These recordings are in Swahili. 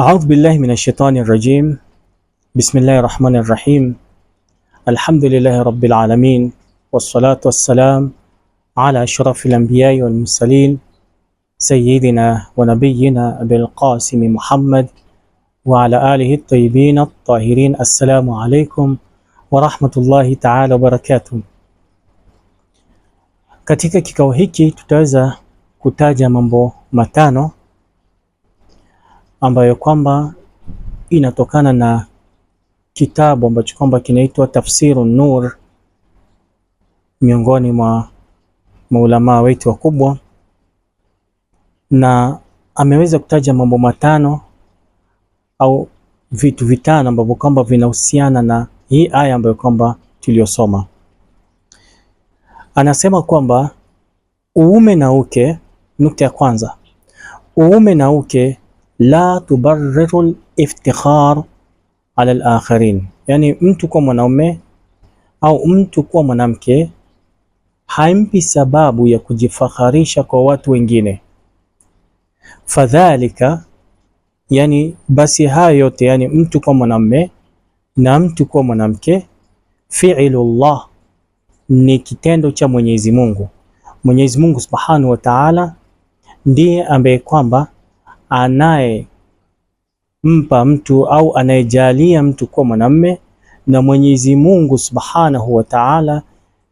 أعوذ بالله من الشيطان الرجيم بسم الله الرحمن الرحيم الحمد لله رب العالمين والصلاة والسلام على شرف الأنبياء والمرسلين سيدنا ونبينا أبي القاسم محمد وعلى آله الطيبين الطاهرين السلام عليكم ورحمة الله تعالى وبركاته Katika kikao hiki tutaweza kutaja mambo matano ambayo kwamba inatokana na kitabu ambacho kwamba kinaitwa Tafsiru Nur miongoni mwa maulamaa wetu wakubwa, na ameweza kutaja mambo matano au vitu vitano ambavyo kwamba vinahusiana na hii aya ambayo kwamba tuliyosoma. Anasema kwamba uume na uke, nukta ya kwanza, uume na uke la tubarriru liftikhar ala lakhirin yani mtu kuwa mwanaume au mtu kuwa mwanamke haimpi sababu ya kujifakharisha kwa watu wengine. Fadhalika, yani basi hayo yote, yani mtu kuwa mwanamume na mtu kuwa mwanamke, fi'lullah ni kitendo cha Mwenyezi Mungu. Mwenyezi Mungu Subhanahu wa Ta'ala ndiye ambaye kwamba anayempa mtu au anayejalia mtu kuwa mwanamme, na Mwenyezi Mungu Subhanahu wa Ta'ala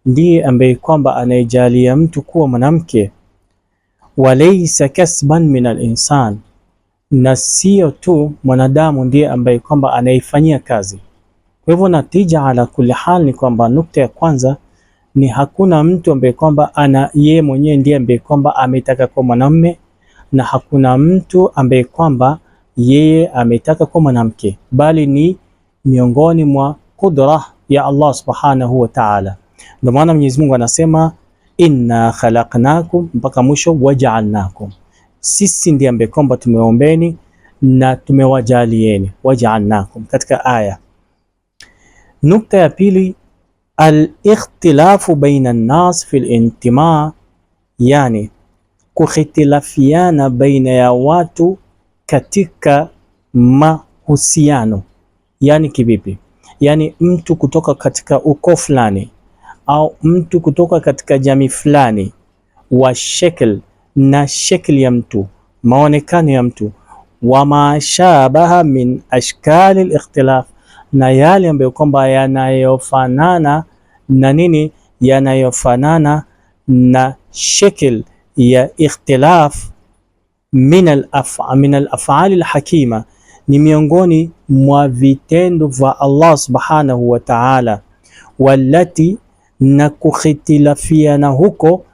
ndiye ambaye kwamba anayejalia mtu kuwa mwanamke. Walaysa kasban min alinsan na sio tu mwanadamu ndiye ambaye kwamba anaifanyia kazi. Kwa hivyo natija ala kulli hal ni kwamba nukta ya kwanza ni hakuna mtu ambaye kwamba ana yeye mwenyewe ndiye ambaye kwamba ametaka kuwa mwanamme na hakuna mtu ambaye kwamba yeye ametaka kwa mwanamke, bali ni miongoni mwa kudra ya Allah subhanahu wa ta'ala. Ndio maana Mwenyezi Mungu anasema inna khalaqnakum mpaka mwisho, waja'alnakum, sisi ndiye ambaye kwamba tumeombeni na tumewajalieni, waja'alnakum katika aya. Nukta ya pili, al-ikhtilafu baina an-nas fi intima yani kuhitilafiana baina ya watu katika mahusiano. Yaani kivipi? Yaani mtu kutoka katika ukoo fulani au mtu kutoka katika jamii fulani, wa shekel na shekel ya mtu, maonekano ya mtu, wa mashabaha min ashkali al-ikhtilaf, na yale ambayo kwamba yanayofanana na nini, yanayofanana na shekl ya ikhtilaf min al-af'ali al-hakima ni miongoni mwa vitendo vya Allah subhanahu wa ta'ala, walati na kukhitilafiana huko,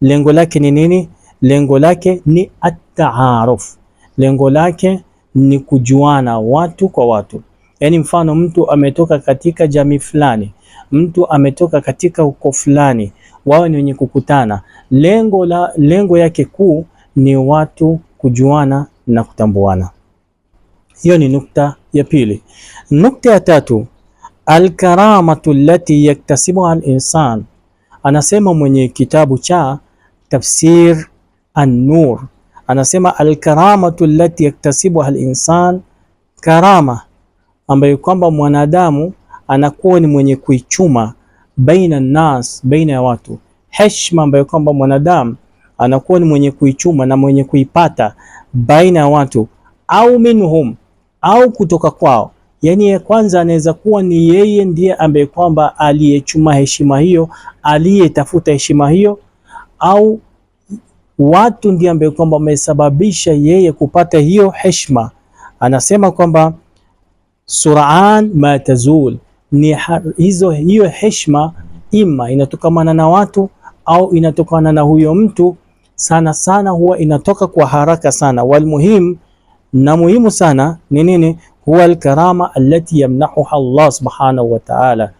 lengo lake ni nini? Lengo lake ni at-taaruf, lengo lake ni kujuana watu kwa watu. Yaani mfano mtu ametoka katika jamii fulani, mtu ametoka katika uko fulani wawe ni wenye kukutana. Lengo la lengo yake kuu ni watu kujuana na kutambuana. Hiyo ni nukta ya pili. Nukta ya tatu, alkaramatu allati yaktasibuha al-insan, anasema mwenye kitabu cha tafsir an-nur, anasema alkaramatu allati yaktasibuha al-insan, karama ambayo kwamba mwanadamu anakuwa ni mwenye kuichuma baina nas, baina ya watu, heshima ambayo kwamba mwanadamu anakuwa ni mwenye kuichuma na mwenye kuipata baina ya watu, au minhum, au kutoka kwao. yani ya kwanza anaweza kuwa ni yeye ndiye ambaye kwamba aliyechuma heshima hiyo, aliyetafuta heshima hiyo, au watu ndiye ambaye kwamba wamesababisha yeye kupata hiyo heshima. Anasema kwamba sur'an ma tazul ni hizo, hiyo heshima ima inatokamana na watu au inatokana na huyo mtu, sana sana huwa inatoka kwa haraka sana. Walmuhim, na muhimu sana ni nini? Huwa alkarama allati yamnahuha Allah subhanahu wa ta'ala.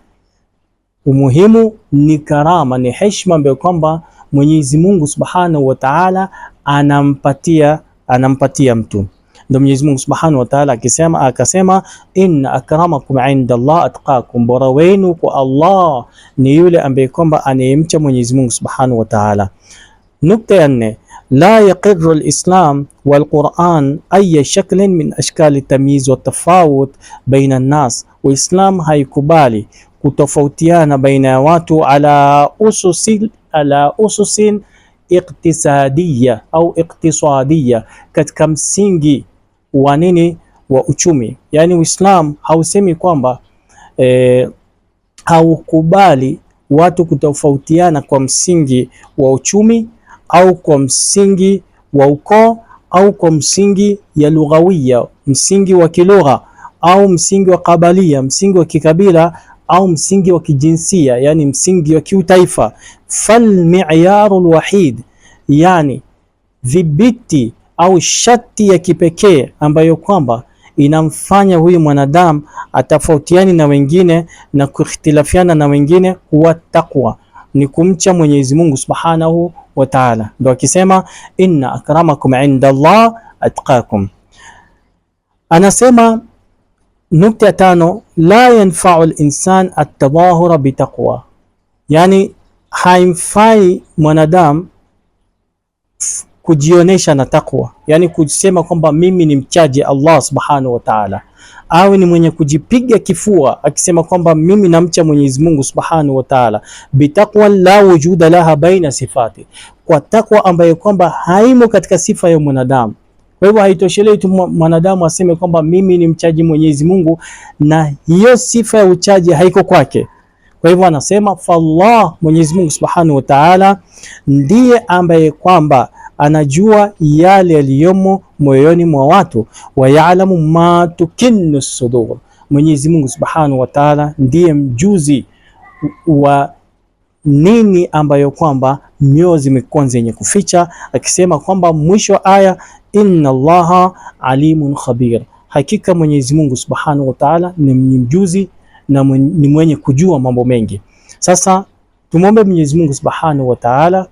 Umuhimu ni karama, ni heshima ambayo kwamba Mwenyezi Mungu subhanahu wa ta'ala anampatia anampatia mtu. دميزمون سبحانه وتعالى كسامة أكسامة آه، إن أكرمكم عند الله أتقاكم بروينك الله نيولي أن بيكم بأن يمتى دميزمون سبحانه وتعالى نقطة أن يعني، لا يقر الإسلام والقرآن أي شكل من أشكال التمييز والتفاوت بين الناس وإسلام هاي كبالي كتفوتيان بين واتو على أسس على أسس اقتصادية أو اقتصادية كتكم سينجي wa nini wa uchumi. Yaani Uislamu hausemi kwamba e, haukubali watu kutofautiana kwa msingi wa uchumi au kwa msingi wa ukoo au kwa msingi ya lughawia msingi wa kilugha au msingi wa kabalia, msingi wa kikabila au msingi wa kijinsia, yani msingi wa kiutaifa. Fal miyaru wahid, yani dhibiti au shati ya kipekee ambayo kwamba inamfanya huyu mwanadamu atofautiani na wengine na kuikhtilafiana na wengine, huwa taqwa, ni kumcha Mwenyezi Mungu Subhanahu wa Ta'ala. Ndio akisema inna akramakum inda Allah atqakum. Anasema nukta ya tano, la yanfau linsan atadahura bitaqwa, yani haimfai mwanadamu kujionesha na takwa, yani kusema kwamba mimi ni mchaji Allah subhanahu wa ta'ala, awe ni mwenye kujipiga kifua akisema kwamba mimi namcha Mwenyezi Mungu subhanahu wa ta'ala, bitaqwa la wujuda laha baina sifati, kwa takwa ambayo kwamba haimo katika sifa ya mwanadamu. Kwa hivyo haitoshelei tu mwanadamu aseme kwamba mimi ni mchaji Mwenyezi Mungu, na hiyo sifa ya uchaji haiko kwake. Kwa hivyo anasema Allah, Mwenyezi Mungu subhanahu wa ta'ala ndiye ambaye kwamba anajua yale yaliyomo moyoni mwa watu, wayalamu ma tukinnu sudur. Mwenyezi Mungu Subhanahu wa Ta'ala ndiye mjuzi wa nini ambayo kwamba mioyo zimekuwa zenye kuficha, akisema kwamba mwisho wa aya, inna Allaha alimun khabir, hakika Mwenyezi Mungu Subhanahu wa Ta'ala ni mjuzi na ni mwenye kujua mambo mengi. Sasa tumwombe Mwenyezi Mungu Subhanahu wa Ta'ala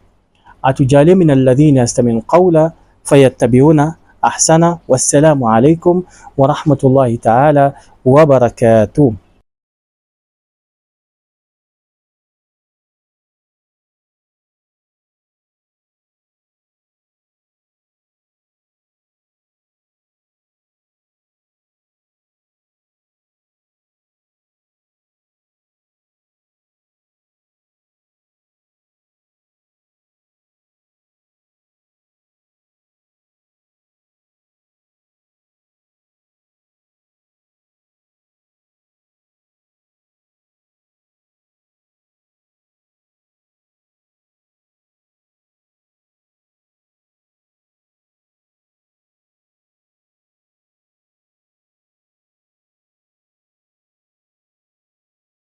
أتجالي من الذين يستمعون قولا فيتبعون أحسنا والسلام عليكم ورحمة الله تعالى وبركاته